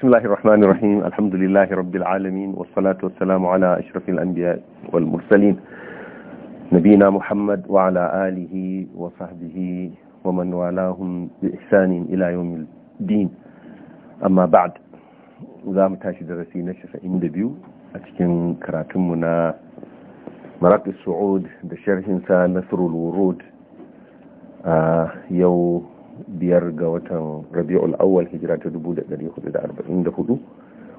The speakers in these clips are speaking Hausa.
بسم الله الرحمن الرحيم الحمد لله رب العالمين والصلاة والسلام على أشرف الأنبياء والمرسلين نبينا محمد وعلى آله وصحبه ومن والاهم بإحسان إلى يوم الدين أما بعد za mu tashi darasi na 92 a cikin karatunmu na maraƙi su'ud da sharhinsa nasrul wurud a yau biyar ga watan rabi'ul awwal hijira ta 1444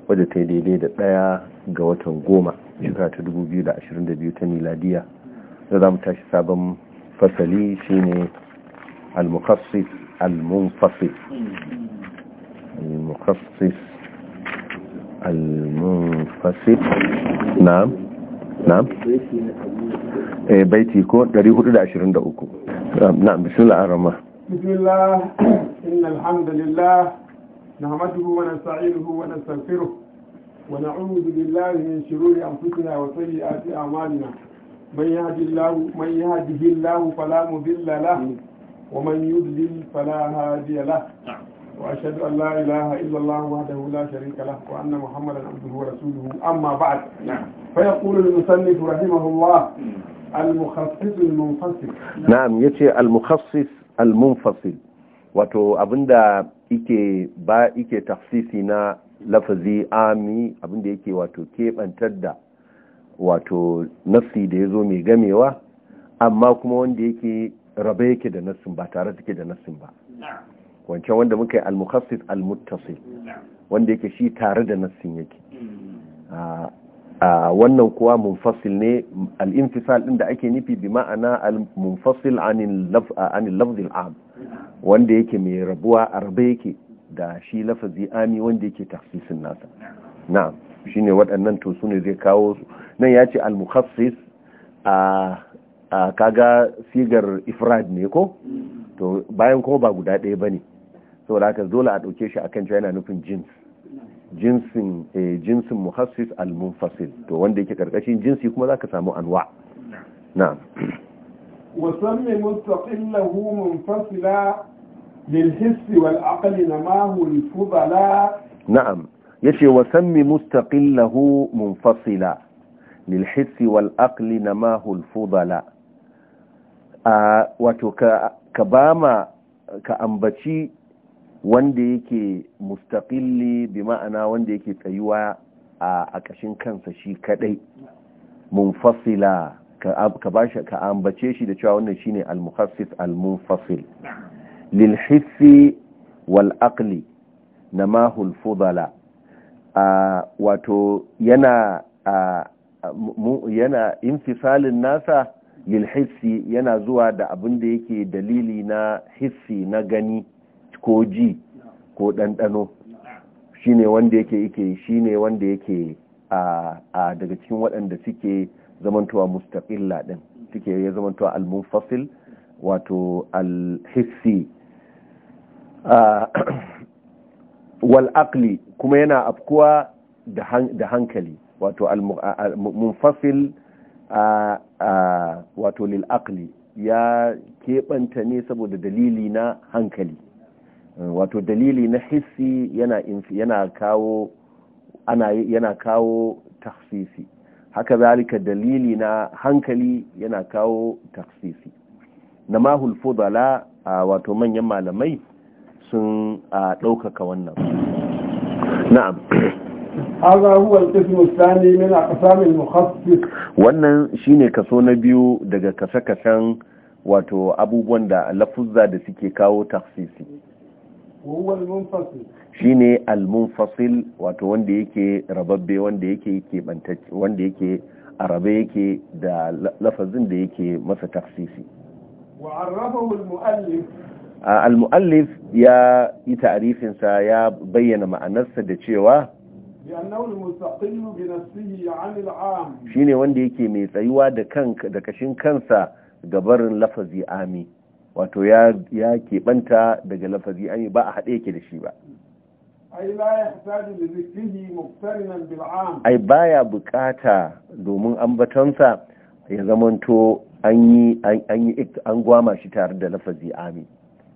wadda ta yi daidai da ɗaya ga watan goma shekara ta 2022 ta miladiya da za mu tashi sabon fasali shine al-mukhassis al na, al-mukhassis al dari na'am na'am eh, baiti ko 423 na'am bismillahir rahmanir بسم الله إن الحمد لله نحمده ونستعينه ونستغفره ونعوذ بالله من شرور أنفسنا وسيئات أعمالنا من يهد الله من يهده الله فلا مضل له ومن يضلل فلا هادي له وأشهد أن لا إله إلا الله وحده لا شريك له وأن محمدا عبده ورسوله أما بعد نعم. فيقول المصنف رحمه الله المخصص المنفصل نعم يتي المخصص al-munfasil wato abinda yake ba yake tafsisi na lafazi ami abinda yake wato kebantar da wato nafsi da yazo mai gamewa amma kuma wanda yake rabe yake da nassin ba tare take da nassin ba wancan wanda muka yi al-mukhassis al-muttasil wanda yake shi tare da nassin yake mm. ah, wannan kuwa munfasil ne al’infisal ɗin da ake nufi bi ma'ana al-munfasil anil lafzil am wanda yake mai rabuwa a rabe yake da shi lafazi ami wanda yake tafsisin nasa na shi ne waɗannan to su ne zai kawo su nan ya ce al-mukhassis a kaga sigar ifrad ne ko to bayan kuma ba guda ɗaya ba ne saboda haka dole a ɗauke shi a kan cewa yana nufin jins jinsin eh, jinsin muhassis al-munfasil to wanda yake karkashin jinsi kuma zaka samu anwa na'am wa sammi mustaqillahu munfasila lil hiss wal aql namahu al fudala na'am yace wa sammi mustaqillahu munfasila lil hiss wal aql namahu al fudala a wato ka ka bama ka ambaci wanda yake mustaqilli bi ma'ana wanda yake tsayuwa a ƙashin kansa shi kadai munfasila ka bashi ka ambace shi da cewa wannan shine al-mukhassis al-munfasil lil hissi wal aqli namahul fudala wato yana yana infisalin nasa lil hissi yana zuwa da abin da yake dalili na hissi na gani ko ji ko ɗanɗano ne wanda yake yake ne wanda yake a daga cikin waɗanda suke zamantowa mustaqilla din suke ya zamantowa al mufassil wato al-hissi wal aqli kuma yana afkuwa da hankali wato al mufassil wato lil aqli ya keɓanta ne saboda dalili na hankali wato dalili na hissi yana kawo ana yana kawo takhsisi haka zalika dalili na hankali yana kawo takhsisi na mahul fudala wato manyan malamai sun ɗaukaka wannan na'am هذا هو القسم wannan shine kaso na biyu daga kasa-kasan wato abubuwan da lafuzza da suke kawo taksisi shi ne almunfasil wato wanda yake rababbe wanda yake wanda yake a yake da lafazin da yake masa taksisi al-mu'allif ya yi ta'arifinsa ya bayyana ma'anarsa da cewa shi ne wanda yake mai tsayuwa da kashin kansa gabarin lafazi ami wato ya keɓanta daga lafazi an yi ba a haɗe yake da shi ba ai baya bukata domin ambatonsa ya zamanto an yi an gwama shi tare da lafazi ami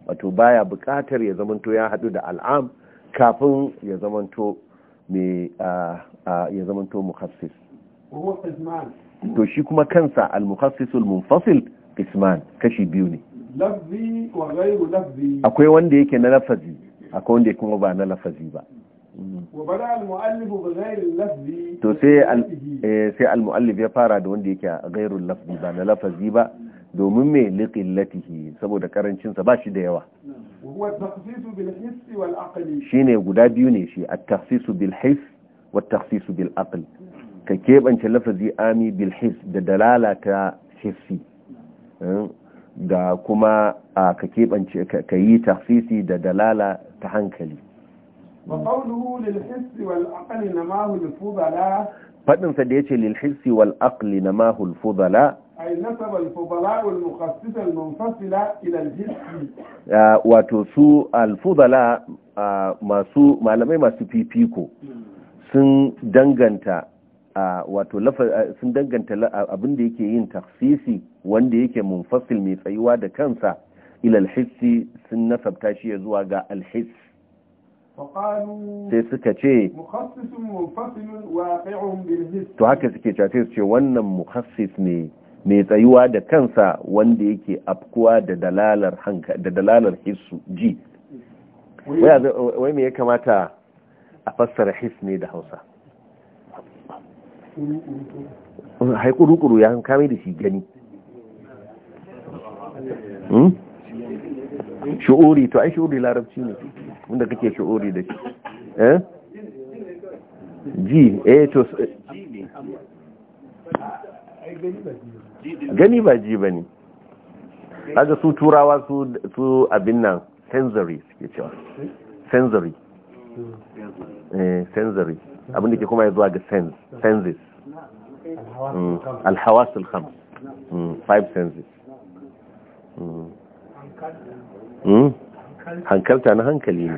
wato baya bukatar ya zamanto ya haɗu da al'am kafin ya zamanto mai ya zamanto mukhassis to shi kuma kansa al-mukhassisul munfasil qisman kashi biyu ne lafzi wa ghairu lafzi akwai wanda yake na lafazi akwai wanda yake kuma ba na lafazi ba wa bada al-mu'allif bi ghairi lafzi to sai eh sai al-mu'allif ya fara da wanda yake ghairu lafzi ba na lafazi ba domin me liqillatihi saboda karancin sa bashi da yawa huwa at-takhsis bil hiss wal aqli shine guda biyu ne shi at takhsisu bil hiss wa at-takhsis bil aql ka kebance lafazi ami bil hiss da dalala ta hissi hmm? ga kuma a ka keɓance ka yi tafisi da dalala ta hankali faɗinsa da ya ce lilhissi wal aqli na mahul fudala ay al-fudala wal al-munfasila ila al wato su al-fudala masu malamai masu fifiko hmm. sun danganta wato sun danganta abin da yake yin taksisi wanda yake munfasil mai tsayuwa da kansa ilal hissi sun nasabta shi ya zuwa ga alhiss sai suka ce to haka suke cace su ce wannan mukhassis ne mai tsayuwa da kansa wanda yake afkuwa da dalalar da dalalar hissu ji wai me ya kamata a fassara hiss ne da hausa hai kuru-kuru ya kame da shi gani hmm? shi'uri to ai shi'uri larabci ne wanda kake shi'uri da shi eh ji eh to eh. gani ba ji ba ne aga su turawa su abin nan sensory suke cewa sensory eh sensory abin da ke kuma ya zuwa ga senses mm. alhawasul kam mm, five senses mm. hankalta na hankali ne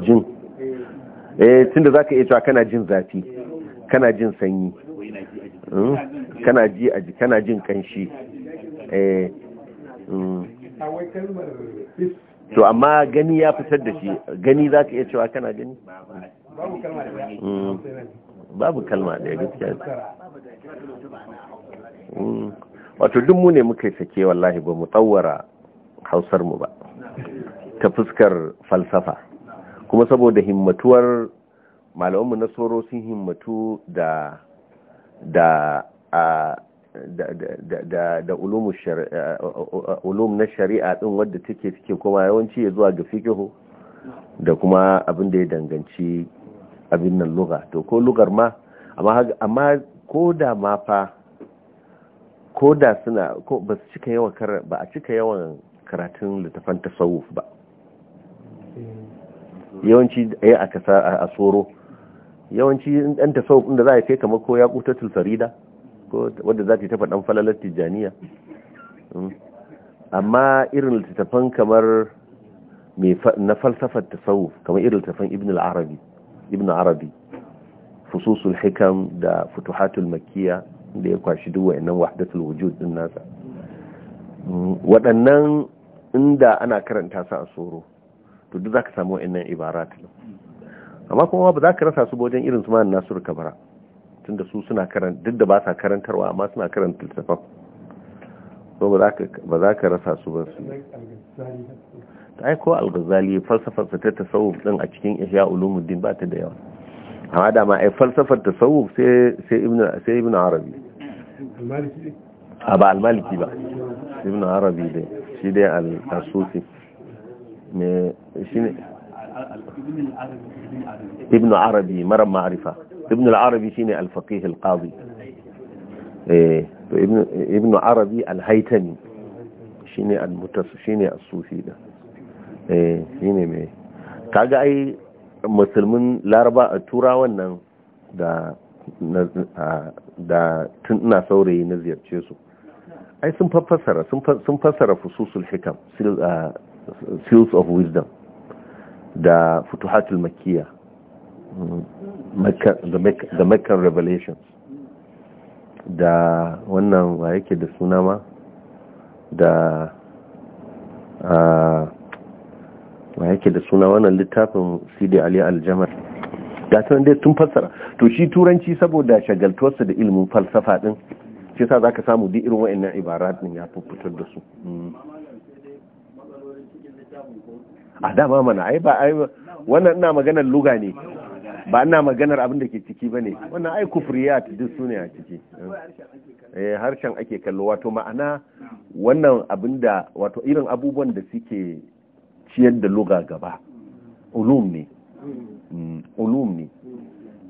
jin eh za ka iya cewa kana jin zafi kana jin sanyi kana ji a kana jin kanshi eh to amma gani ya fitar da shi gani za ka iya cewa kana gani mm. babu kalma da ya gaskiya mm. wato duk mu ne muka yi sake wallahi ba mu tsawara hausar mu ba ta fuskar falsafa kuma saboda himmatuwar mu na soro sun himmatu da da ulum na shari'a din wadda take take kuma yawanci ya zuwa ga fikihu da kuma abin da ya danganci abin nan luga to ko lugar ma amma ko da ma fa ko da suna ko ba su cika yawan ba a cika yawan karatun littafan tasawuf ba yawanci a tsoro yawanci ɗan tasawuf da za a kai kamar ko ya kutatul farida ko wadda za ta yi tafa faɗan falalar tijjaniya hmm. amma irin littattafan kamar na falsafar tasawuf kamar irin littattafan ibn arabi ibn arabi fususul hikam da futuhatul makiya da ya kwashi duk wayannan wahdatul wujud din nasa hmm. waɗannan inda ana karanta su a tsoro to duk zaka samu wayannan ibarat amma kuma ba za ka rasa su wajen irin su ma Nasiru Kabara da su suna karanta duk da ba sa karantarwa amma suna karanta littafin so ba za ka rasa su ba su Ta ko al-ghazali falsafarsa ta tasawuf din a cikin ihya ulumuddin ba ta da yawa amma da ma ai falsafar tasawuf sai sai ibnu sai ibnu arabi a ba al-maliki ba ibnu arabi dai shi dai al-sufi ne shi ne ibnu arabi mara ma'rifa ibn al-arabi shine al-faqih al-qadi eh to ibn arabi al-haytami shine al-mutas shine as-sufi da eh shine mai kaga ai musulmin laraba turawan nan da da tun ina saurayi na ziyarce su ai sun fassara sun fassara fususul hikam seals of wisdom da futuhatul makkiya the meccan revelation da wannan wa yake da suna ma da ah, wa yake da suna wannan littafin sidi ali aljamar ga ta dai tun fassara to shi turanci saboda shagaltuwarsa da ilimin falsafa din shi sa za ka samu duk irin wa'annan ibara din ya fitar da su mm. a dama mana ai ba ai wannan ina maganar luga ne ba ina maganar abin da ke ciki ba ne wannan ai kufriyat duk su ne a ciki eh, harshen ake kallo wato ma'ana wannan abin da wato irin abubuwan da suke ciyar da luga gaba ulum ne mm, ulum ne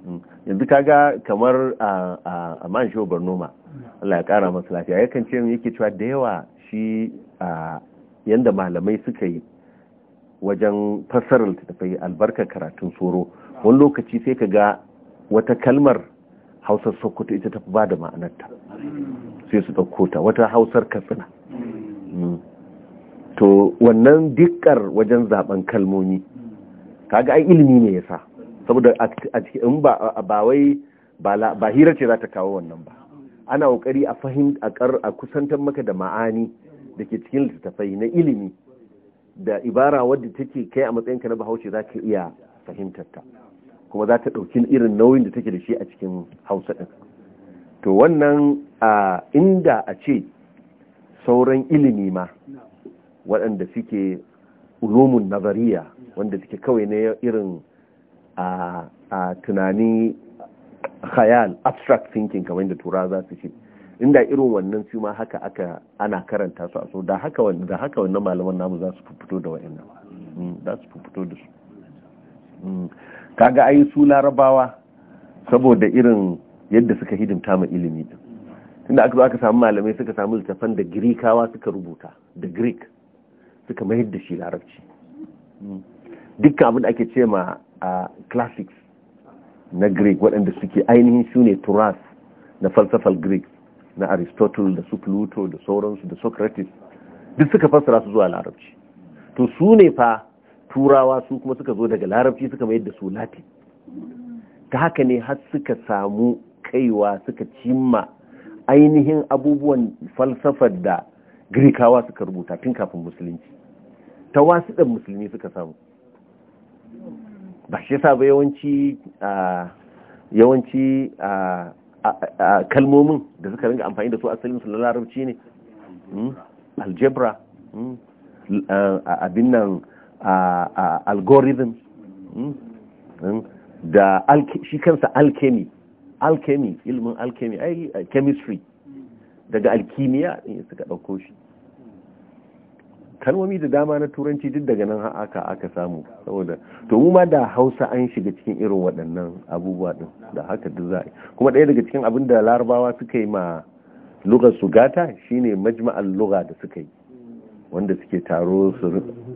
mm, yanzu kaga kamar a man shi barnoma Allah ya kara masa lafiya yakan ce yake cewa da yawa shi yanda malamai suka yi wajen fassarar littattafai albarkar karatun soro wani lokaci sai ka ga wata kalmar hausar sokoto ita ta ba da ma'anarta sai su ɗauko ta wata hausar katsina mm. to wannan dikkar wajen zaben kalmomi kaga ai ilimi ne yasa saboda a cikin ba wai ba hira ce za ta kawo wannan ba ana kokari a fahim a kar a kusantar maka da ma'ani da ke cikin littattafai na ilimi da ibara wadda take kai a matsayinka na bahaushe za ka iya fahimtar ta kuma za ta ɗauki irin nauyin da take da shi a cikin hausa ɗin to wannan a inda a ce sauran ilimi ma waɗanda suke ulumun nazariya wanda suke kawai na irin a tunani khayal abstract thinking kamar da tura za su ce inda irin wannan su ma haka aka ana karanta su a so da haka da wannan malaman namu za su fito da wa'annan hmm, za su fito da su hmm. kaga ayi su larabawa saboda irin yadda suka hidimta ma ilimi din tunda aka zo aka samu malamai suka samu littafan da girikawa suka rubuta da greek suka mayar da shi larabci dukkan abin da ake ce ma a classics na greek waɗanda suke ainihin Sune turas na falsafal greek na aristotle da su pluto da sauransu da socrates duk suka fassara su zuwa larabci to Sune fa turawa su kuma suka zo daga larabci suka mayar da su latin ta haka ne har suka samu kaiwa suka cimma ainihin abubuwan falsafar da girkawa suka rubuta tun kafin musulunci ta wasu ɗan musulmi suka samu ba shi yasa ba yawanci yawanci kalmomin da suka ringa amfani da su asalin su na larabci ne hmm? aljebra hmm? abin nan algorithms hmm, hmm, da shi kansa alchemy alchemy ilmin alchemy ai chemistry daga alkimiya eh, suka ɗauko shi kalmomi da dama na turanci duk daga nan haka aka samu saboda to mu ma da hausa an shiga cikin irin waɗannan abubuwa ɗin da haka duk za kuma ɗaya daga cikin abin da larabawa suka yi ma lugar su gata shine majma'al lugha da suka yi wanda suke taro su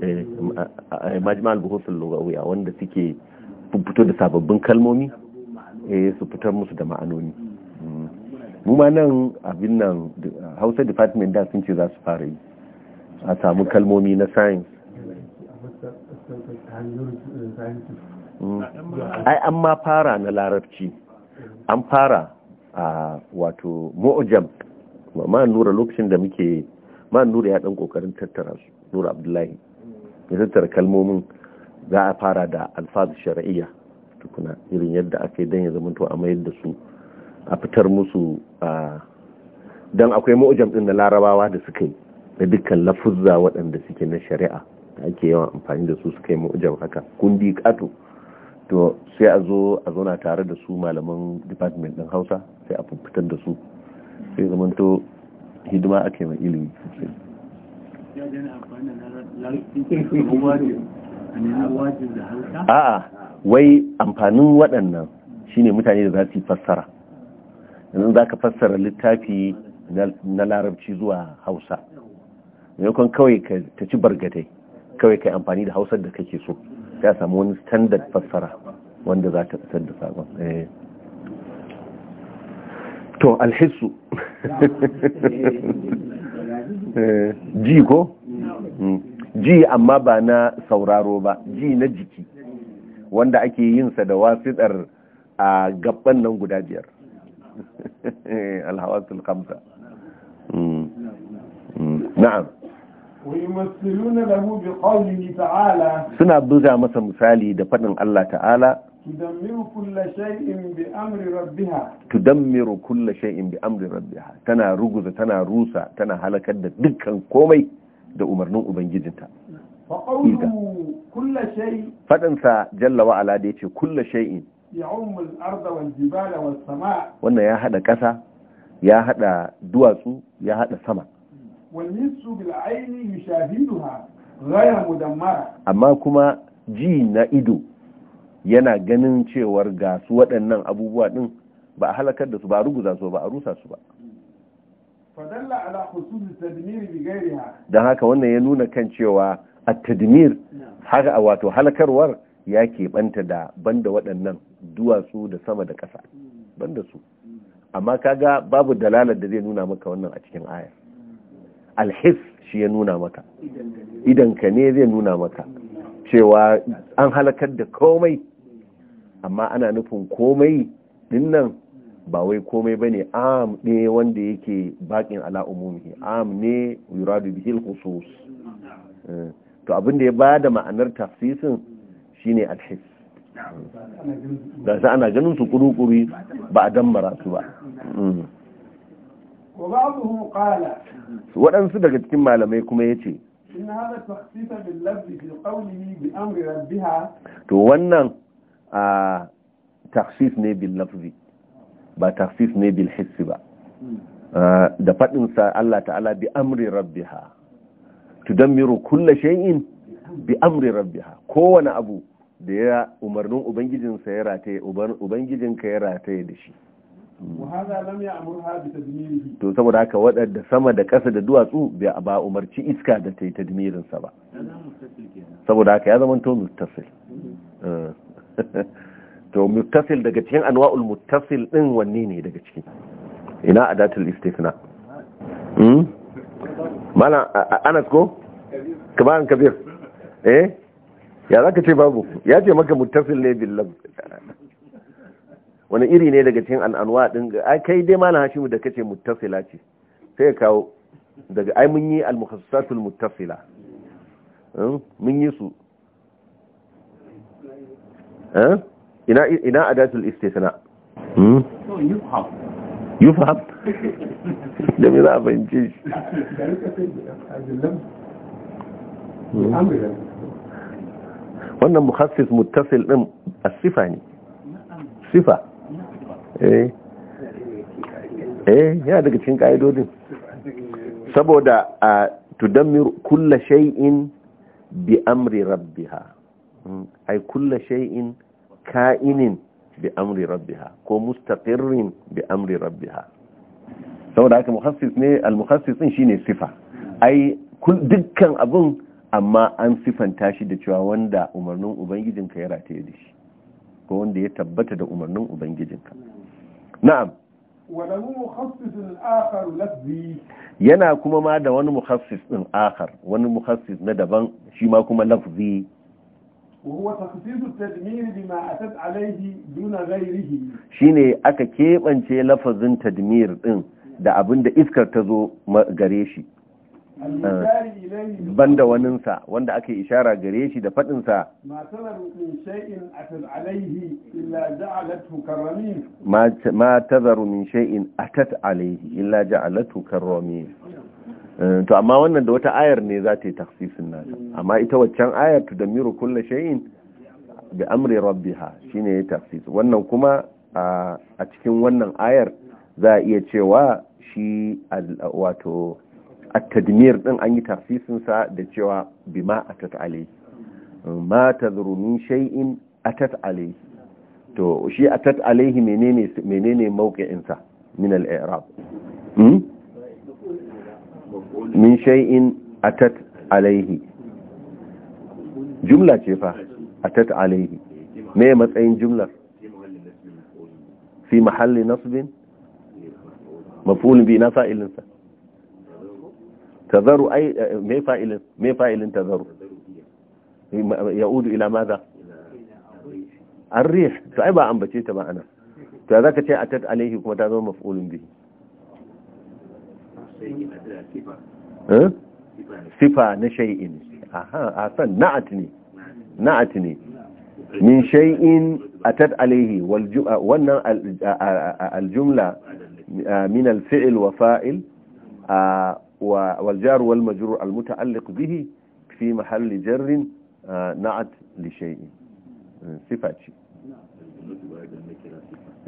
eh, majmal buhusul lugawiya wanda suke fito da sababbin kalmomi eh, su fitar musu da ma'anoni mm. mu ma nan abin nan hausa department da sun ce za su fara yi a samu kalmomi na science mm. ai an ma fara na larabci an fara a wato mu'ujam ma nura lokacin da muke ma nura ya dan kokarin tattara nura abdullahi ya tattara kalmomin za a fara da alfazu shar'iyya tukuna irin yadda aka yi dan ya to a mayar da su a fitar musu a dan akwai mu'jam din na larabawa da suka yi da dukkan lafuzza waɗanda suke na shari'a da ake yawan amfani da su suka yi mu'jam haka kundi kato to sai a zo a zauna tare da su malaman department ɗin Hausa sai a fitar da su sai zamanto hidima yi mai ilimi a'a wai amfanin waɗannan shine mutane da za su yi fassara yanzu za ka fassara littafi na larabci zuwa hausa maimakon kawai ka ci bargatai kawai ka amfani da hausar da kake so ya samu wani standard fassara wanda za ta fitar da sabon eh. to alhissu ji ko hmm. ji amma ba na sauraro ba ji na jiki wanda ake yinsa da wasitar a gaban nan guda biyar alhawasul khamsa hmm. Hmm. na'am suna buga masa misali da faɗin Allah ta'ala tudammiru kulla shay'in bi amri rabbiha tudammiru bi amri tana ruguza tana rusa tana halakar da dukkan komai da umarnin ubangijinta Iza. Faɗinsa jalla wa'ala da ya ce kulla shay'in. Wannan ya haɗa ƙasa, ya haɗa duwatsu, ya haɗa sama. Amma kuma ji na ido yana ganin cewar ga su waɗannan abubuwa ɗin ba a halakar da su ba a ruguza su ba a rusa su ba don haka wannan ya nuna kan cewa a tadmir haka a wato halakarwar ya keɓanta da banda waɗannan duwatsu da sama da ƙasa banda su amma kaga babu dalalar da zai nuna maka wannan a cikin ayar alhis shi ya nuna maka Idan ka ne zai nuna maka cewa an halakar da komai amma ana nufin komai dinnan ba wai komai bane am ne wanda yake bakin ala umumi am ne yuradu bihil khusus eh, to abin da ya bada ma'anar tafsirin shine alhis da sai ana ganin su kurukuri ba a dambara su ba mm. waɗansu daga cikin malamai kuma yace to wannan a taksif ne bil lafzi ba taksif ne bil hissi ba da faɗinsa Allah ta'ala bi amri rabbiha miro kulla shay'in bi amri rabbiha kowane abu da ya umarnin ubangijinsa ya rataye ubangijinka ya rataye da shi to saboda haka waɗanda sama da ƙasa da duwatsu ba umarci iska da ta yi tadmirinsa ba saboda haka ya zama to muttasil to muttasil daga cikin anwa'ul muttasil din wanne ne daga ciki ina adatul istithna hmm mala anas ko kaban kabir eh ya zaka ce babu ya ce maka muttasil ne billah wani iri ne daga cikin anwa din ai kai dai mala hashimu da kace muttasila ce sai ka kawo daga ai mun yi al-mukhassasatul muttasila hmm? mun yi su Eh? ina ina adatul istithna hmm yufham da me za a fahimce shi wannan mukhassis muttasil din asifa ne sifa eh eh ya daga cikin kaidodin saboda a ah, tudammiru kulla shay'in bi amri rabbiha ai kulla shay'in ka'inin bi amri rabbiha ko mustaqirrin bi amri rabbiha saboda haka mukhassis ne al-muhassis din shine sifa ai dukkan abun amma an sifanta shi da cewa wanda umarnin ubangijinka ya rataye da shi ko wanda ya tabbata da umarnin ubangijinka na'am akhar lafzi. yana kuma ma da wani mukhassis din akhar wani mukhassis na daban shi ma kuma lafzi وهو تخصيص التدمير بما أتت عليه دون غيره شيني أكا لفظ تدمير إن da abin da iskar ta zo banda waninsa wanda aka ishara gare shi da sa ma tazaru min shay'in atat alaihi illa ja'alatu karramin Eh, to amma wannan da wata ayar ne za ta yi taksisin nata amma ita waccan ayar tu damiru kulle shay'in da amri shi ne ya wannan kuma a cikin wannan ayar za a iya cewa shi wato a tadmir din an yi taksisinsa da cewa bima a alai ma ta zurumin shay'in a to shi a alaihi menene menene mawqi'in min al min shay'in atat alaihi jumla ce fa atat alaihi me matsayin jumlar fi mahalli nasbin maf'ulun bi na fa'ilin sa tazaru ai me fa'ilin me fa'ilin tazaru ya'udu ila madha arrih to ai ba ambace ta ba ana to zaka ce atat alaihi kuma ta zama maf'ulun bihi إيه؟ صفة نشيء أها أحسن نعتني نعتني من شيء أتت عليه والجملة الجملة من الفعل وفاعل آه، والجار والمجرور المتعلق به في محل جر آه، نعت لشيء صفة شيء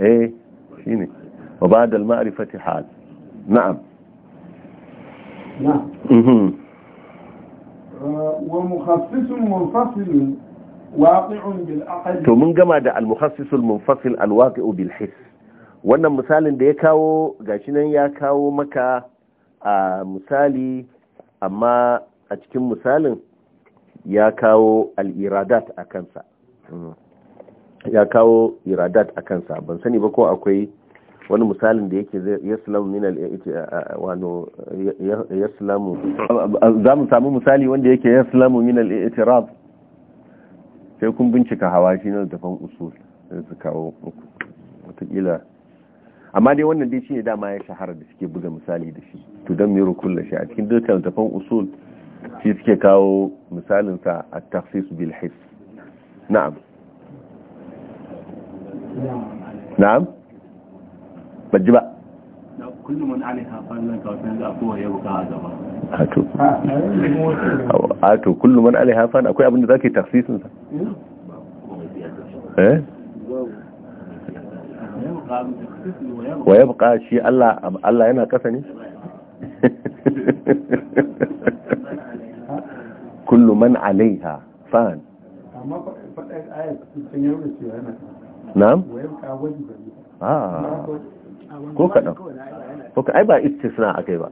إيه شيني وبعد المعرفة حال نعم to mun gama da almuhassisul munfasil al bilhis wannan misalin da ya kawo gashi nan ya kawo maka a misali amma a cikin misalin ya kawo al-iradat a kansa ya kawo iradat a kansa ban sani ba ko akwai wani misalin da yake yaslamu min al wano yaslamu za mu samu misali wanda yake yaslamu min al i'tirab sai kun bincika hawashi na dafan usul da su kawo muku watakila amma dai wannan dai shine dama ya shahara da suke buga misali da shi to dan miro kullu shi a cikin dukkan dafan usul shi suke kawo misalin sa at-takhsis bil hiss na'am na'am ji ba kullum an alaiha fannin kawai da akwai a gaba a to alaiha abinda za ka yi kasa ni? kullu man alaiha fan amma ko kaɗan ko ka ai ba istisna a kai ba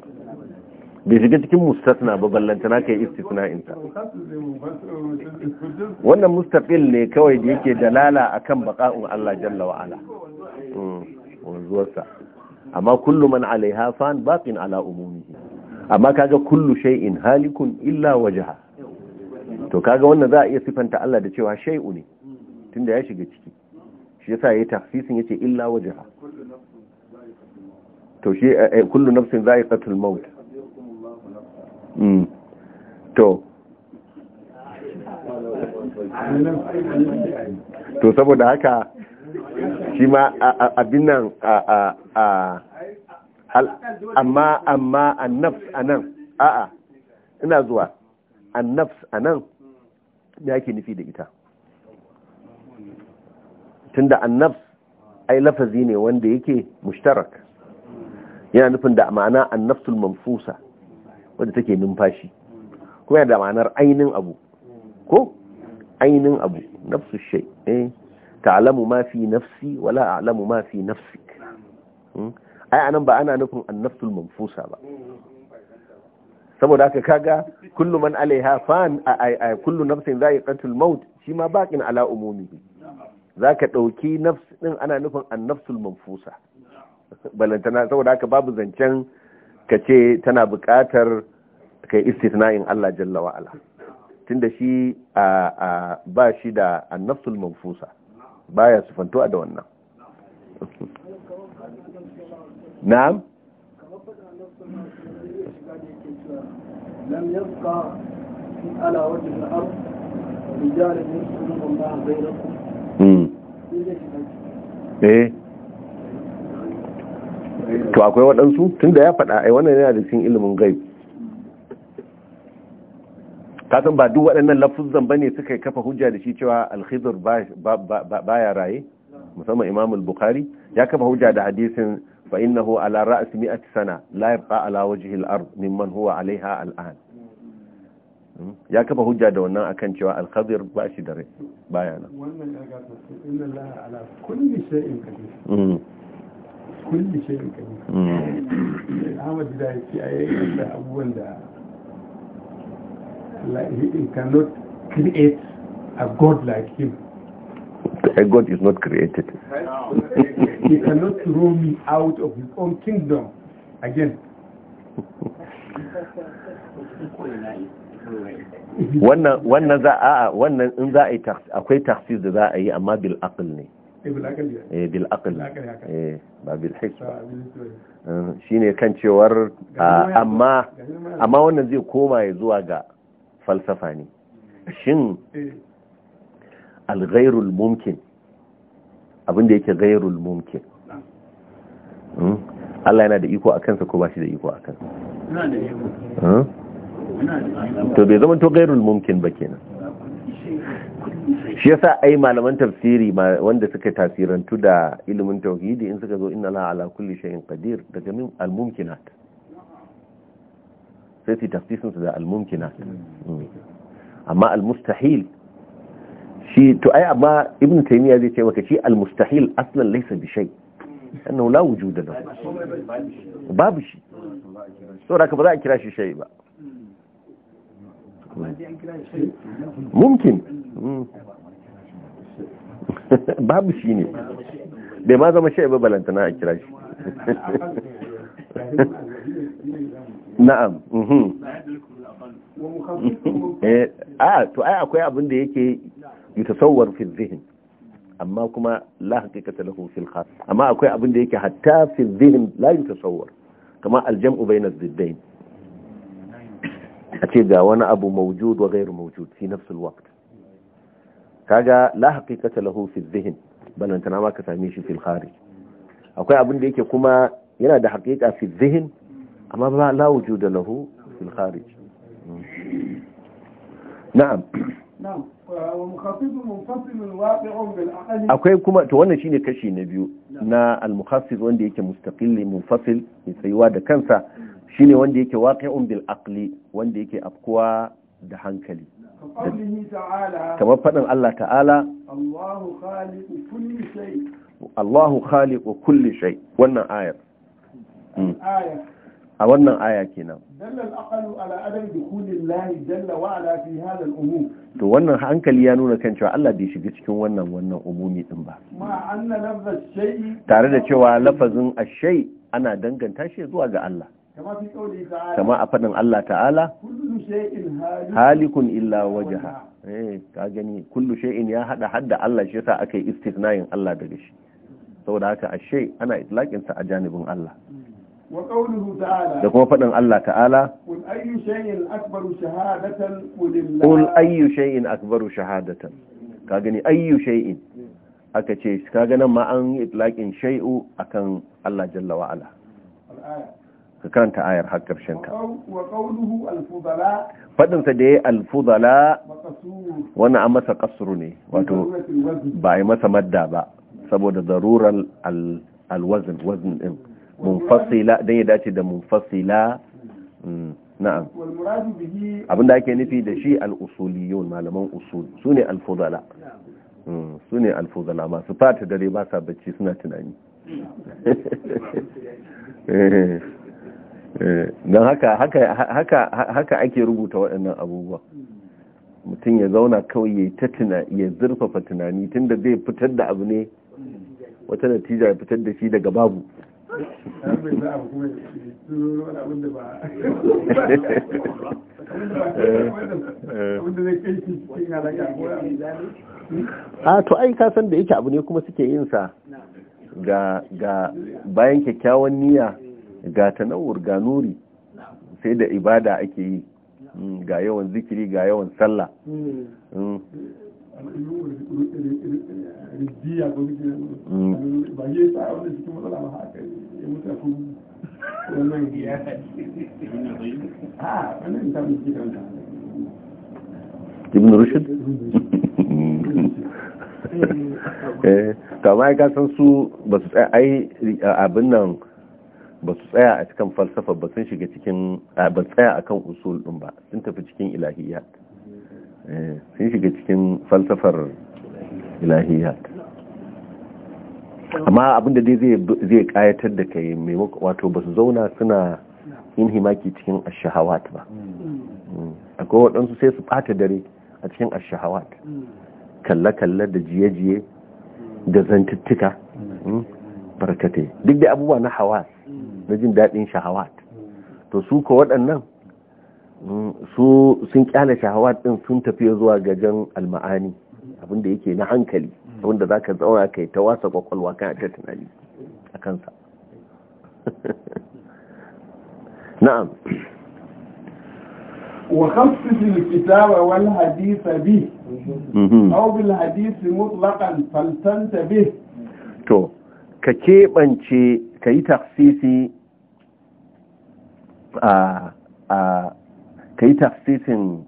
bai shiga cikin mustasna ba ballantana kai istisna inta wannan mustaqil ne kawai da yake dalala akan baqa'un Allah jalla wa ala hmm, wanzuwarsa amma kullu man alaiha fan baqin ala umumihi amma kaga kullu shay'in halikun illa wajha to kaga wannan za a iya sifanta Allah da cewa shay'u ne tunda ya shiga ciki shi yasa yayi tafsirin yace illa wajha to shi eh, eh, kullu nafsin za'iqatul maut mm to to saboda haka shi ma abin nan a a amma amma annafs anan a'a ina zuwa annafs anan ya ke nufi da ita tunda annafs ai lafazi ne wanda yake mushtarak yana nufin da ma'ana annafsul mamfusa wadda take numfashi kuma yana da ma'anar ainin abu ko ainin abu nafsu shay eh ta'lamu ma fi nafsi wala a'lamu ma fi nafsik hmm? ai anan ba ana nufin annafsul mamfusa ba saboda haka kaga kullu man alaiha fan kullu nafsin za'iqatul maut shi ma baqin ala umumihi zaka dauki nafs din ana nufin annafsul mamfusa balantana saboda haka babu zancen ka ce tana buƙatar yi istitna'in Allah jalla wa'ala, tun da shi a ba shi da annafsul manfusa baya a da wannan na'am hmm. Eh. to akwai waɗansu tun da ya faɗa ai wannan yana da cikin ilimin gaib kasan ba duk waɗannan lafuzan bane suka kafa hujja da shi cewa alkhidr baya raye musamman imam al-bukhari ya kafa hujja da hadisin fa innahu ala ra'si mi'ati sana la yabqa ala wajhi al-ard mimman huwa alaiha al-an hmm? ya kafa hujja da wannan akan cewa al ba shi da rai baya nan wannan inna ala kulli shay'in qadir hmm. kulli shayin kabi mm. Ahmad da yake ayyukan da abubuwan da he cannot create a god like him a god is not created he cannot throw me out of his own kingdom again wannan za a wannan in za a yi akwai tafsir da za a yi amma bil aql ne Eh, bil aql eh, eh, ba bil his ba shine kan cewar ah, amma amma wannan zai koma ya zuwa ga falsafa ne shin alghairul mumkin, mumkin abinda yake ghairul mumkin Allah yana da iko a kansa ko ba shi da iko a kansa hmm? to bai zama to gairul mumkin ba kenan shi yasa ai malaman tafsiri wanda suka tasirantu da ilimin tauhidi in suka zo inna la ala kulli shay'in qadir daga min al-mumkinat sai su tafsirin su da al-mumkinat hmm. amma al-mustahil shi to ai amma ibn taymiya zai ce maka shi al-mustahil aslan laysa bi shay annahu la wujuda da babu shi da ka ba za a kira shi shay ba ممكن hmm. babu shi ne bai ma zama shi ba na a kira shi na'am eh, a to ai akwai abin da yake yutasawwar fi filzihin amma kuma la haqiqata lahu fil khas amma akwai abin da yake hatta fi yi la yutasawwar kama aljam'u bayna az-ziddain a ce ga wani abu mawjud wa gairu mawjud fi nafsul al-waqt kaga la haqiqata lahu fi dhihn balantana ma ka same shi fil kharij akwai abin da yake kuma yana da haqiqa fi dhihn amma ba la wujuda lahu fil kharij na'am akwai kuma to wannan shine kashi na biyu na al-mukhaffif wanda yake mustaqil munfasil mai tsayuwa da kansa shine wanda yake waqi'un bil aqli wanda yake afkuwa da hankali kamar faɗin Allah ta'ala Allahu khaliqu kulli shay wannan ayar a wannan aya kenan to wannan hankali ya nuna kan cewa Allah bai shiga cikin wannan wannan umumi din ba tare da cewa lafazin ashay ana danganta shi zuwa ga Allah kama a faɗin Allah ta'ala halikun illa wajaha eh ka gani kullu shay'in ya hada hadda Allah shi yasa aka yi istithnayin Allah daga shi saboda haka ashe ana itlaqin sa a janibin Allah da kuma faɗin Allah ta'ala kul ayyu shay'in akbaru shahadatan qul ayyu shay'in akbaru shahadatan ka gani ayyu shay'in aka ce ka ganin ma an itlaqin shay'u akan Allah jalla wa ala ka karanta ayar har ƙarshen ta faɗinsa da ya alfudala wani an masa ƙasuru ne wato ba yi masa madda ba saboda zarurar alwazin wazin ɗin munfasila don ya dace da munfasila mm, na'am abinda ake nufi da shi al'usuliyun malaman usul su ne alfudala mm, su ne alfudala masu fata dare ba sa bacci suna tunani Eh, don haka haka ake rubuta waɗannan abubuwa mutum ya zauna kawai ya zurfafa tunani tunda zai fitar da abu ne wata natija ya fitar da shi daga babu eh, eh. a ah, to ai ka san da yake abu ne kuma suke yin sa ga bayan kyakkyawan niyya ga tanawur ga nuri sai da ibada ake yi mm, ga yawan zikiri ga yawan sallah mm. Mm. ibn rushd eh kamar ka san su ba su ai abin nan ba su tsaya a cikin falsafa ba sun shiga cikin ba tsaya a kan usul ɗin ba sun tafi cikin ilahiyat eh, sun shiga cikin falsafar ilahiyat amma abinda dai zai kayatar da kai wato ba su zauna suna yin himaki cikin ashahawat ba hmm. akwai waɗansu sai su ɓata dare a cikin ashahawat kalle-kalle da jiye-jiye da zantuttuka hmm. barkatai duk da abubuwa na hawa. na jin daɗin shahawat to su ko waɗannan mm, su sun kyale shahawat ɗin sun tafi zuwa gajen alma'ani abinda yake na hankali abinda za ka zauna kai ta wasa kwakwalwa kan a tattunani a kansa na'am Wa hadisa bi. والحديث hadisi أو بالحديث bi. To ka keɓance ka yi تخصيصي ka yi tafsirin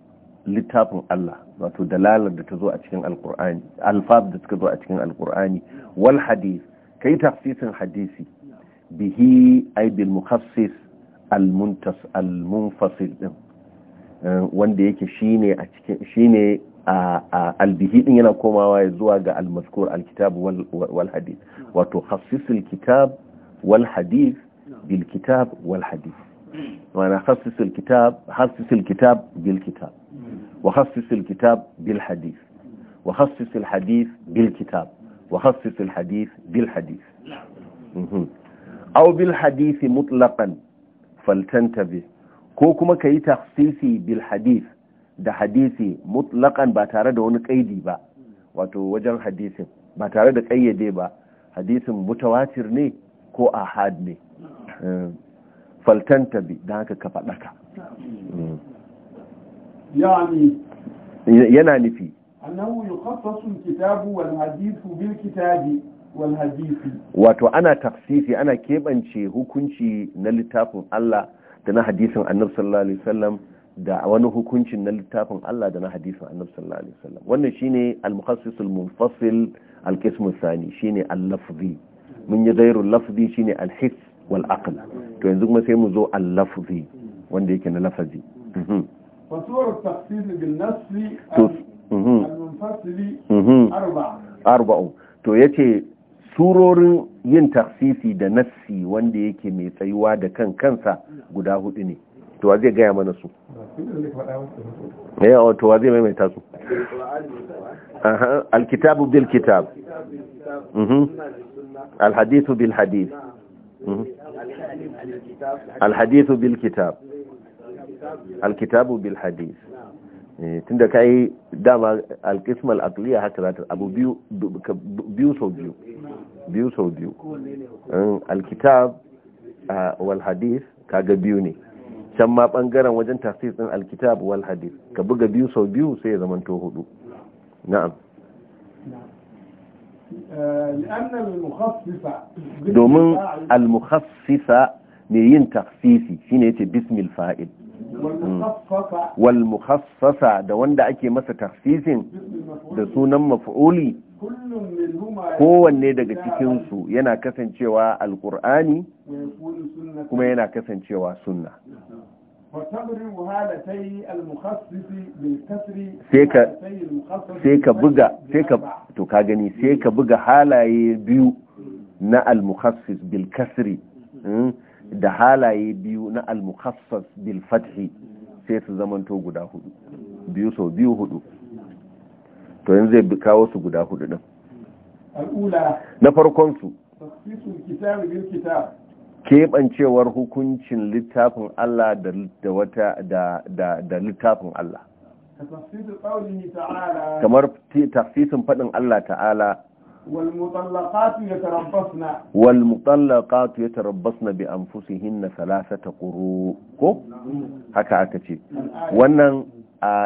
littafin Allah wato dalalar da ta zo a cikin alkur'ani alfab da suka zo a cikin alkur'ani wal hadith ka yi tafsirin hadisi bihi ay bil mukhassis al muntas al munfasil din eh, wanda yake shine a cikin shine albihi din yana komawa zuwa ga al kitab wal hadith wato khassis kitab wal hadith bil kitab wal hadith wana khasis kitab khasis alkitab bilkitab wa khasis alkitab bilhadith wa khasis alhadith bilkitab wa khasis alhadith bilhadith mhm. aw bilhadith mutlaqan faltantabih ko kuma kayi takhsisi bilhadith da hadisi mutlaqan ba tare da wani kaidi ba wato wajen hadisin ba tare da kayyade ba hadisin mutawatir ne ko ahad ne eh. faltanta bi don haka ka faɗaka hmm. yana nufi wato ana tafsisi ana keɓance hukunci na littafin Allah da na hadisin annabi sallallahu alaihi wasallam da wani hukuncin na littafin Allah da na hadisin annabi sallallahu alaihi wasallam wannan shi ne mukhassis al-munfasil al Sani. Shi ne shine al-lafzi mun yi ghairu lafzi shine al-hiss wal to yanzu kuma sai mu zo al lafzi wanda yake na lafazi mhm. fasuwar tafsir bil nasli al mhm. munfasili mhm. surorin yin taksisi da nassi wanda yake mai tsayuwa da kan kansa guda hudu ne to zai gaya mana su yawa eh, to zai maimaita su alkitabu bil kitab alhadithu bil hadith الحديث بالكتاب الكتاب بالحديث tunda kai dama alqism al-aqliya haka abu biyu biyu sau biyu biyu sau biyu alkitab wal hadith kaga biyu ne can ma bangaren wajen tafsir din alkitab wal hadith ka buga biyu sau biyu sai ya zama hudu na'am domin al mai yin taksisi shine yace bismil fa'il wal mukhassasa da wanda ake masa taksisin da sunan maf'uli kowanne daga cikinsu yana kasancewa alkur'ani kuma yana kasancewa sunna sai ka buga to ka gani sai ka buga halaye biyu na al-mukhassis bil kasri da halaye biyu na al bil fathi sai su zamanto guda hudu biyu biyu hudu to yanzu zai kawo su guda hudu din na farkon su keɓancewar hukuncin littafin Allah da wata da littafin Allah kamar tafsirin faɗin Allah ta'ala walmutallaqatu yatarabbasna bi anfusihinna thalathata quru ko haka aka ce wannan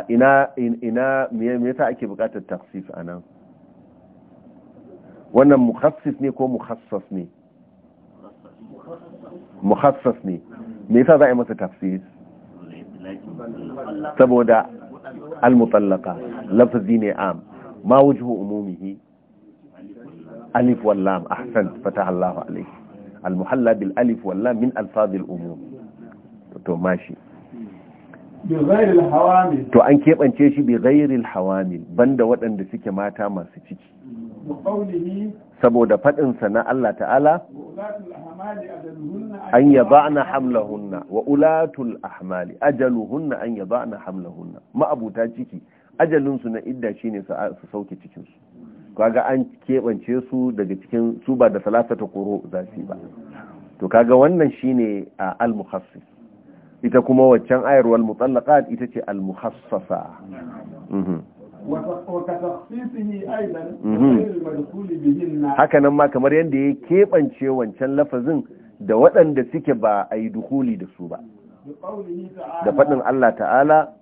ina me yasa ake bukatar takhsis anan wannan mukhassis ne ko mukhassas ne مخصص ني مي فا باي مت تفسير سبودا المطلقه لفظي ني عام ما وجه عمومه الف واللام احسنت فتح الله عليك المحلى بالالف واللام من الفاظ الأموم تو ماشي to an keɓance shi bi ghairil hawamil banda waɗanda suke mata masu ciki saboda faɗinsa na Allah ta'ala an yaba'na hamlahunna wa ulatul ahmali ajaluhunna an yaba'na hamlahunna ma'abuta ciki ajalinsu na idda shine su sauke cikinsu kaga an keɓance su daga cikin su ba da ta koro za ba to kaga wannan shine al-mukhassis ita kuma waccan ayarwar wal ita ce al muhassasa mhm. mhm. haka nan ma kamar yadda ya keɓance wancan lafazin da waɗanda suke ba a yi dukuli da su ba da faɗin Allah ta'ala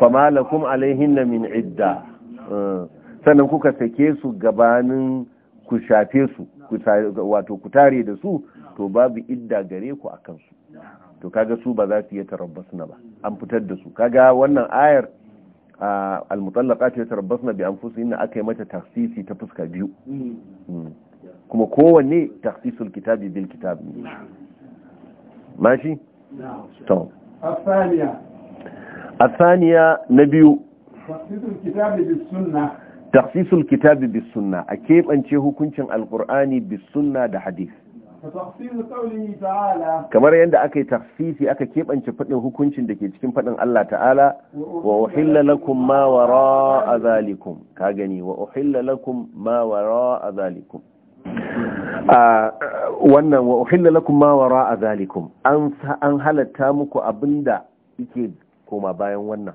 fama lakum hunna min idda mhm. sannan kuka sake su gabanin ku shafe su wato ku tare da su to babu idda gare ku a kansu to kaga su ba za su yi na ba an fitar da su kaga wannan ayar al-mutallaqa tarabbasu na bi ina aka yi mata tafsisi ta fuska biyu hmm. kuma kowanne tafsisul kitabi bil kitab ماشي asaniya na biyu نبيو kitabi الكتاب takhsisul kitabi bis sunna a keɓance hukuncin alqur'ani bis sunna da hadith kamar yadda aka yi tafsisi aka keɓance faɗin hukuncin da ke cikin faɗin Allah ta'ala wa uhilla lakum ma wara zalikum ka gani wa uhilla lakum ma wara a zalikum wannan wa uhilla lakum ma wara a zalikum an halatta muku abinda yake koma bayan wannan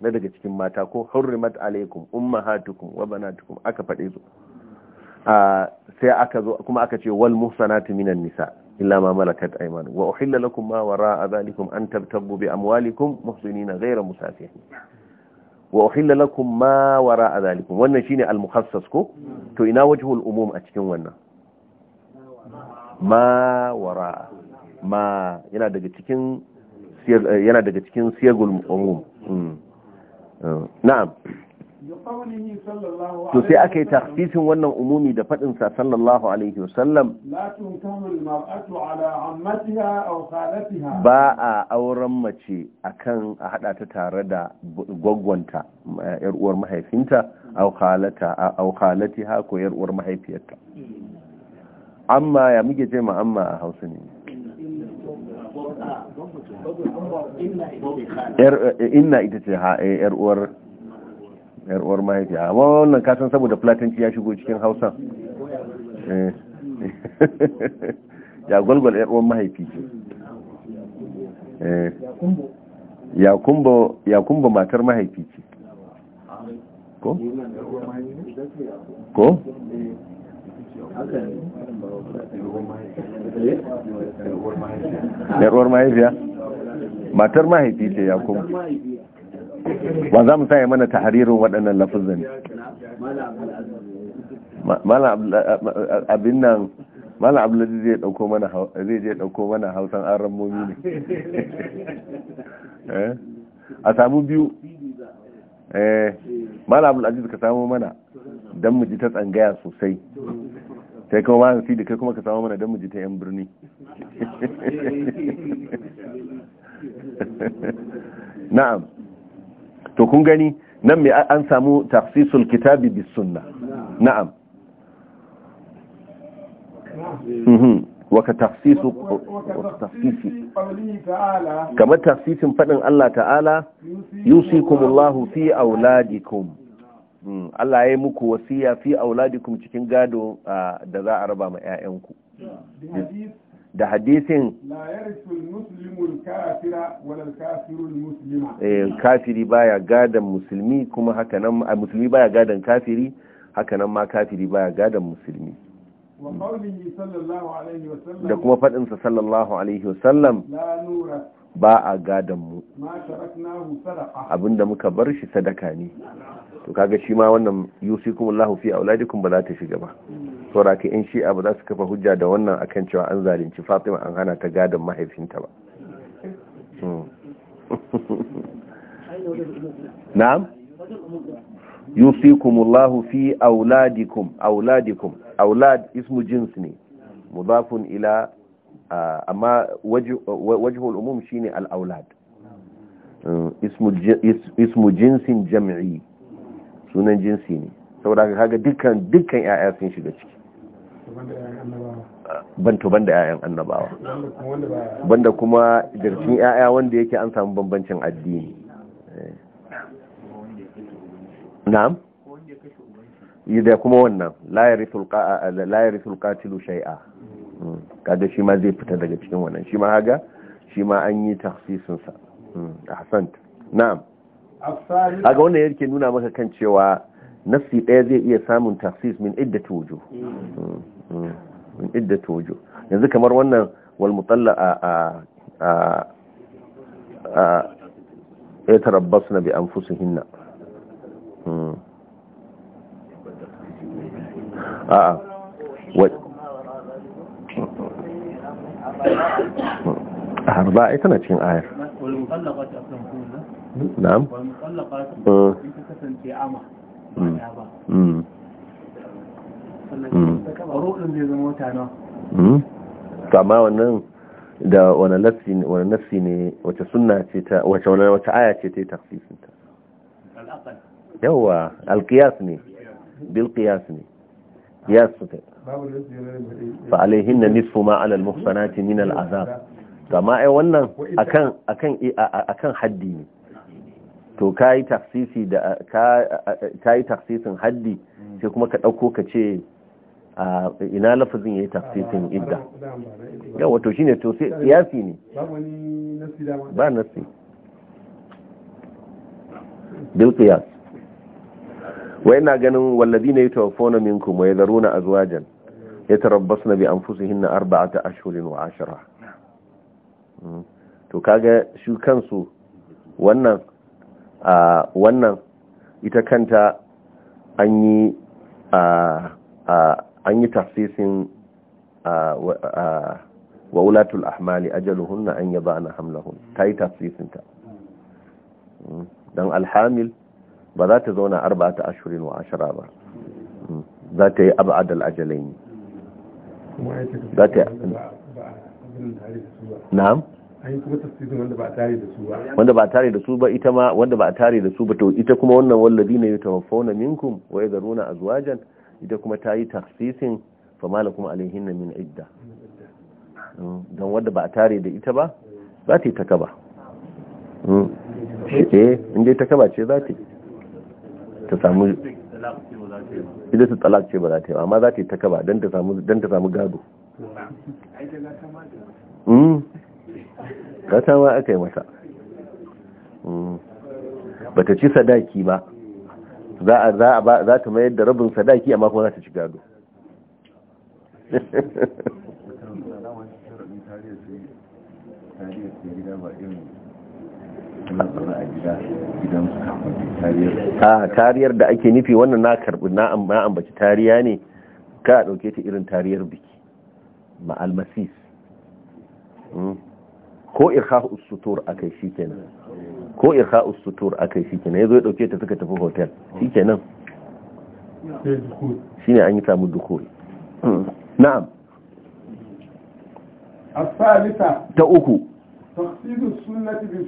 na daga cikin mata ko hurrimat alaikum ummahatukum wa banatukum aka fade su sai aka zo kuma aka ce wal muhsanatu minan nisa illa ma malakat aymanukum wa uhilla lakum ma wara'a zalikum an tabtabu bi amwalikum muhsinina ghayra musafihin wa uhilla lakum ma wara'a zalikum wannan shine al mukhassas ko to ina wajhul umum a cikin wannan ma wara ma yana daga cikin yana daga cikin siyagul umum hmm. na'am to sai aka yi takhsisin wannan umumi da fadin sa sallallahu alaihi wasallam ba a auren mace akan a hada ta tare da gwaggwanta yar uwar mahaifinta aw khalata aw khalatiha ko yar uwar mahaifiyarta amma ya muke ce ma amma a Hausa ne Eh, inna ita ce eh, yar uwar yar uwar mahaifiya amma wannan kasan saboda platinci ya shigo cikin hausa ya eh. gwalgwal yar uwar mahaifi ce ya kumbo matar mahaifi ce ko? ko? yar uwar mahaifiya matar mahaifi ce ya kuma ba za mu sa mana taharirin waɗannan lafazan abin nan mala abdullahi zai mana zai je mana hausan aran momi ne eh? a samu biyu eh mala abdullahi ka samu mana don mu ji ta tsangaya sosai sai kuma malam da kai kuma ka samu mana don mu ji ta yan birni na'am to kun gani nan mai an samu tafsisul kitabi bis sunna na'am mhm. waka tafsisu kamar tafsisin faɗin Allah ta'ala yusikumullahu fi auladikum hmm. Allah ya yi muku wasiya fi auladikum cikin gado ah, da za a raba ma 'ya'yanku da hadisin eh, kafiri baya gadan musulmi kuma hakanan musulmi baya gadan kafiri hakanan ma kafiri baya gadan musulmi da kuma faɗinsa sallallahu alaihi wasallam ba a gadon mu abinda muka bar shi sadaka ne to kaga shi ma wannan kuma Allah fi auladikum ba za ta shiga ba saboda ka in shi'a abu za su kafa hujja da wannan akan cewa an zalunci Fatima an hana ta gadon mahaifinta ba hmm. na'am kuma Allah fi auladikum auladikum aulad ismu jins ne mudafun ila amma wajhul umum shine al-aulad ismu jinsin jam'i sunan jinsi ne saboda haka dukkan dukkan yaya sun shiga ciki banto banda yayan annabawa banda kuma jirgin yaya wanda yake an samu bambancin addini na'am da kuma wannan la yarithul qatilu shay'a kaga shi ma zai fita daga cikin wannan shi ma haga shi ma an yi a hmm, ahsant na'am haga wannan yake nuna maka kan cewa nafsi ɗaya zai iya samun tafsis min idda tojo hmm. hmm, min idda tojo yanzu kamar wannan wal mutalla a a a na bi anfusihinna a'a harba ita na cikin ayar na'am mm. Mm. Mm. amma wannan da wani nafsi ne wace suna ce ta wace wace aya ce ta yi taksisinta yawa alkiyas ne bilkiyas ne ya su eh, eh, eh. fa alaihin na nisfu ma alal muhsanati min al azab ma ai wannan akan akan akan haddi ne to kai tafsisi da kai tafsisin haddi hmm. sai kuma ka dauko ka ce ina lafazin yayi tafsisin ah, idda ah, ah, yawa to shine to sai siyasi ne ba nasi bil qiyas Wai na ganin ne walladina yatawaffawna na wa ya azwajan yatarabbasna bi anfusihinna arba'ata ashirin wa ashira. Hmm. to kaga shi kansu wannan a wannan ita kanta an yi a an yi tafsisin wa wulatul ahmali ajaluhunna an na hamlahun ta yi tafsisinta hmm. don alhamil ba za ta zauna ta ashirin wa ashira ba hmm. za ta yi abadal al-ajalai ne za ta yi na'am wanda ba tare da su ba ita ma wanda ba tare da su ba to ita kuma wannan wallazi ne ya tawaffawna minkum wa ya a zuwajen ita kuma ta yi taksisin fama alihin na min idda hmm. don wanda ba tare da ita ba za ta yi takaba hmm. eh inda takaba ce za ta yi ta samu idatu talak ce ba za ta yi ba amma za ta yi takaba don ta samu gado gata ma aka yi masa ba ta ci sadaki ba za ta mayar da rabin sadaki amma kuma za ta ci gado a gida tariyar a da ake nufi wannan na karbi na ambaci tariya ne ka dauke ta irin tariyar biki ma'almasis hmm? ko irha'u sutur akai shikenan ko irha'u sutur akai shikenan yazo ya dauke ta suka tafi hotel shikenan shine an yi samu dukuri hmm. na'am ta uku tafsirin sunnati bi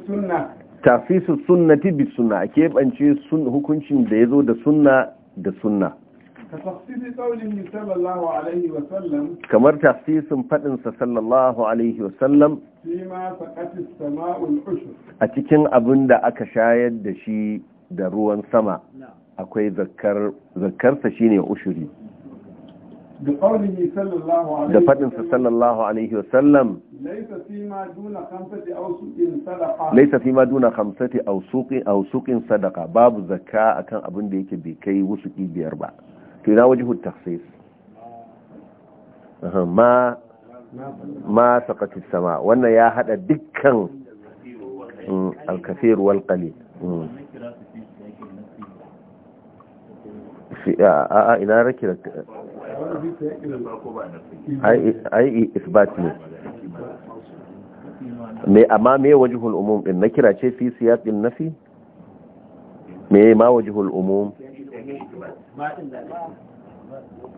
tafisu sunnati bi sunna a keɓance hukuncin da ya zo da suna da sunna kamar tasisin faɗinsa sallallahu alaihi wasallam a cikin abin da aka shayar da shi da ruwan sama akwai zakkarsa shine ushuri da faɗinsa sallallahu alaihi wasallam laisa fi ma duna hamsati au suƙin sadaka babu zakka akan abin da yake bai kai wasu biyar ba to ina waje hutun taksis ma ma sakatun sama wannan ya haɗa dukkan alkafir wal qalil a'a ina rakira ai isbat ne me amma me wajhul umum din kira ce fi siyaqin nafi me ma wajhul umum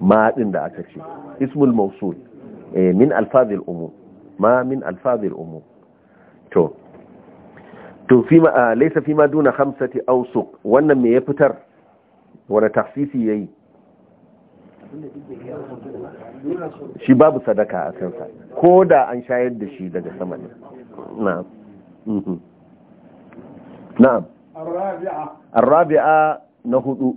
ma din da aka ce ismul mawsul eh, min alfazil umum ma min alfazil umum to to fi ma ah, laysa fi ma duna khamsati awsuq wannan me ya fitar wani tafsisi yayi shi babu sadaka a kansa ko da an shayar da shi daga sama ne na'am mhm. arrabi'a na hudu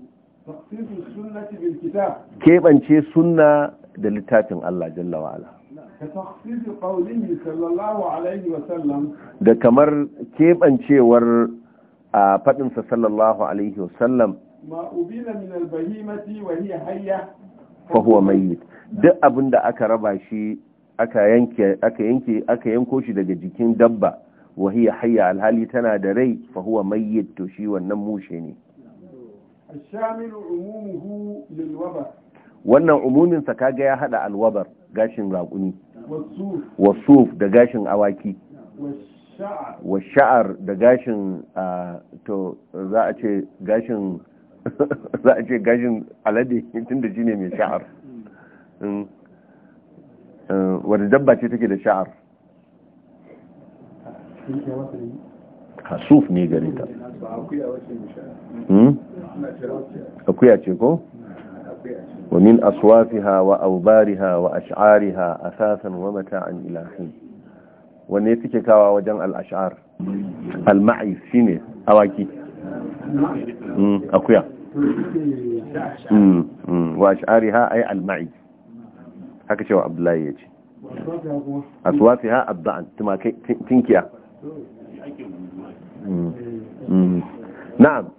keɓance sunna da littafin Allah jalla wa'ala da kamar keɓancewar a faɗinsa sallallahu alaihi wasallam ma'ubina min albahimati wa hiya hayya fahuwa duk abin da aka raba shi aka yanke aka yanko shi daga jikin dabba wahi hayya alhali tana da rai fahuwa huwa to shi wannan mushe ne wannan umumin sa kaga ya hada alwabar gashin raƙuni wasuf da gashin awaki washa'ar sha'ar da gashin ah, to za a ce gashin za a ce gashin alade tun da shi ne mai sha'ar mm. eh, wadda dabba ce take da sha'ar hasuf ne gare ta hmm? akuya ce ko ومن أصوافها وأوبارها وأشعارها أساسا ومتاعا إلى ilahin wanne ya suke kawa wajen al'ashar al-ma'i shine awaki hmm, akuya Hmm, hmm. wa sha'ariha ay al-ma'i haka cewa abdullahi A ha aswafiha abdan tumakai tinkiya hmm, na'am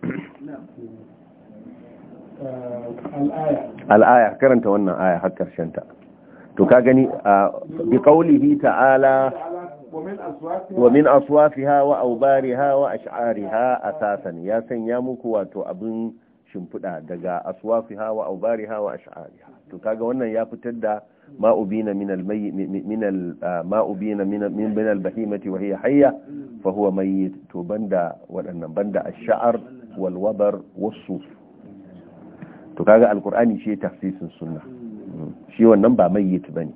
al'aya karanta wannan aya har karshen ta to ka gani bi qaulihi ta'ala wa min aswafiha wa awbariha wa ash'ariha asasan ya sanya muku wato abin shimfiɗa daga aswafi hawa aubari hawa ash'ari to kaga wannan ya fitar da ma'ubina min ah, ma'ubina min al-bahimati wa hiya hayya fa huwa mayyit to banda waɗannan banda ash-sha'r wal wabar was-suf to kaga alqur'ani shi tafsirin sunna hmm. shi wannan ba mayyit bane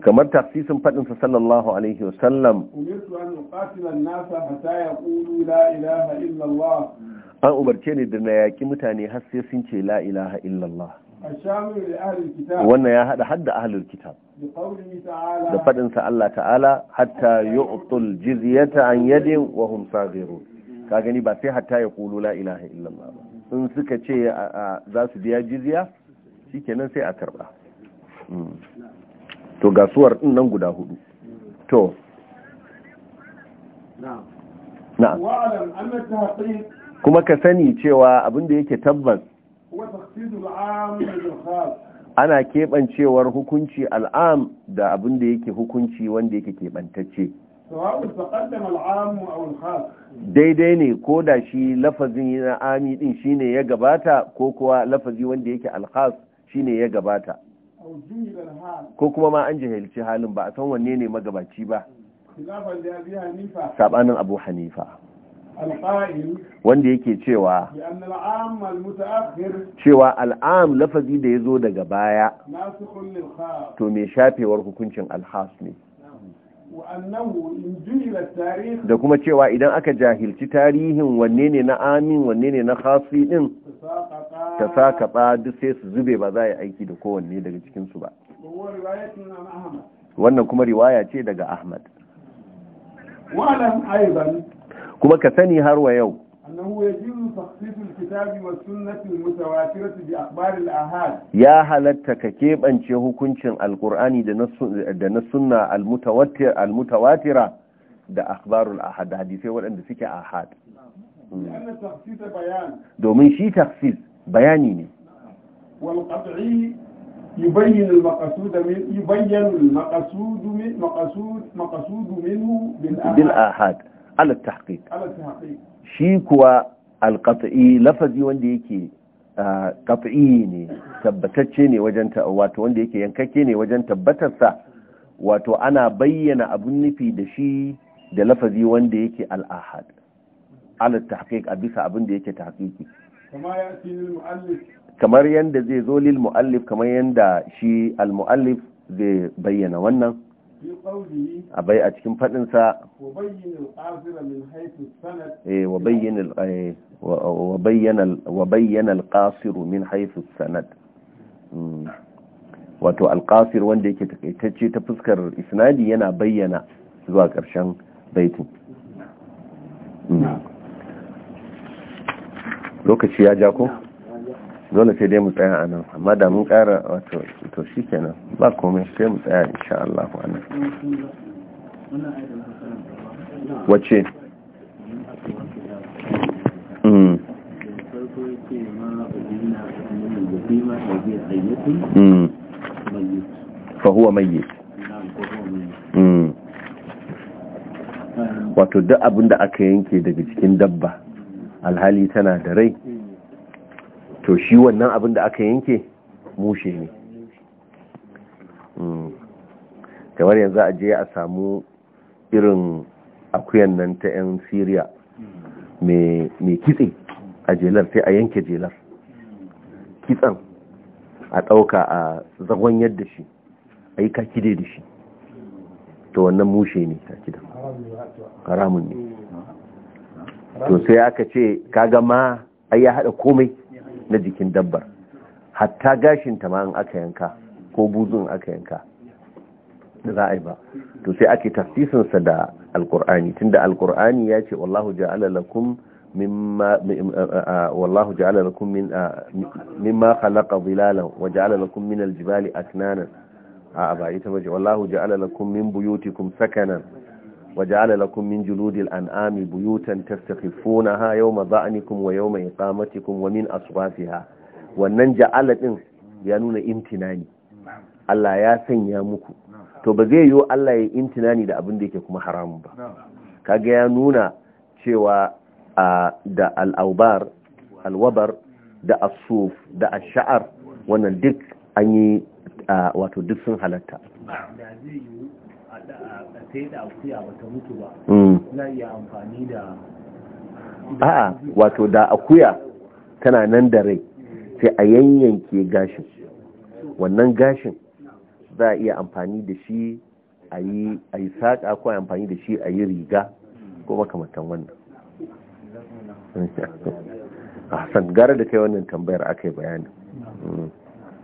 kamar tafsisin faɗinsa sallallahu alaihi wasallam an umarce ni da na yaƙi mutane har sai sun ce la ilaha illallah wannan ya haɗa hadda ahlul kitab da faɗinsa Allah ta'ala hatta yu'tul jizyata an yadin wa hum saghirun ka gani ba sai hatta ya qulu la ilaha illallah ba in suka ce za su biya jizya kenan sai a karba hmm. to gasuwar din nan guda hudu to na'am kuma ka sani cewa abin da yake tabbas ana keɓancewar hukunci al'am da abin da yake hukunci wanda yake keɓantacce daidai ne ko da shi lafazin na ami din shine ya gabata ko kuwa lafazi wanda yake alhas shine ya gabata ko kuma ma an jahilci halin ba a san wanne ne magabaci ba sabanin abu hanifa wanda yake cewa cewa al'am lafazi da ya zo daga baya to mai shafewar hukuncin alhas ne da kuma cewa idan aka jahilci tarihin wanne ne na amin wanne ne na khasi din kasa kaɓa duk sai su zube ba za a yi aiki da kowanne daga cikinsu ba wannan kuma riwaya ce daga ahmad kuma ka sani har wa yau ya halatta ka keɓance hukuncin Alƙur'ani da na suna almutawatira da akhbarul ahad hadisai waɗanda suke ahad domin shi taksis bayani ne والقطعي يبين bayyana من يبين المقصود من مقصود مقصود منه بالآحاد بالآحاد على al على التحقيق شي كوا القطعي لفظي wanda yake qat'i ne tabbatacce ne wajen wato wanda yake yankakke ne wajen tabbatarsa wato ana bayyana abun nufi da shi da lafazi wanda yake al-ahad ala tahqiq a bisa abin da yake tahqiqi kamar yadda zai zo lil mu'allif kamar yadda shi al mu'allif zai bayyana wannan a bai a cikin fadinsa eh, wa bayyana al eh, al-qasir min haifu sanad hmm. wato al al-qasir wanda yake takaitacce ta fuskar isnadi yana bayyana zuwa ƙarshen baitin hmm. lokaci ya ja ko dole sai dai mu tsaya a nan amma da mun kara wato to shi kenan ba komai sai mu tsaya insha Allah a anan wace hmm. hmm. fahuwa hmm. wato duk abin da aka yanke daga cikin dabba alhali tana da rai to shi wannan abin da aka yanke mushe ne mm. kamar yanzu a je a samu irin akuyan nan ta 'yan syria mai kitse a jelar sai a yanke jelar kitsan a ɗauka a zagon yadda shi a yi kakide da shi to wannan mushe ne ta kidan haramun ne to sai aka ce kaga ma ai ya hada komai na jikin dabbar hatta gashin ta ma in aka yanka ko buzun aka yanka da za a yi ba to sai ake tafsisin sa da alqur'ani tunda alqur'ani ya ce wallahu ja'ala lakum مما والله جعل لكم من مما خلق ظلالا وجعل لكم من الجبال أكنانا أبا يتوجه wallahu ja'ala lakum min buyutikum sakanan وجعل لكم من جلود الأنعام بيوتا تستخفونها يوم ظعنكم ويوم إقامتكم ومن أصوافها wannan ja'ala ɗin ya nuna imtinani Allah ya sanya muku to ba zai yiwu Allah ya imtinani da abin da yake kuma haramun ba kaga ya nuna cewa da al'aubar alwabar da asuf da ash'ar wannan duk an yi wato duk sun halatta ba mm. a'a wato da akuya tana nan da rai sai a yanyanke gashin wannan gashin za a iya amfani da shi a yi saƙa ko amfani da shi a yi riga ko makamantan wannan a san gara da kai wannan tambayar aka yi bayanin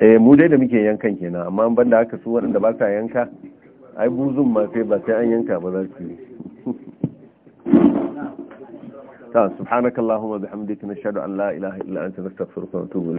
eh mu dai da muke yankan kenan amma ban da haka su waɗanda ba sa yanka ai buzun ma sai ba sai an yanka ba za su yi ta subhanakallahumma bihamdika nashhadu an la ilaha illa anta nastaghfiruka wa natubu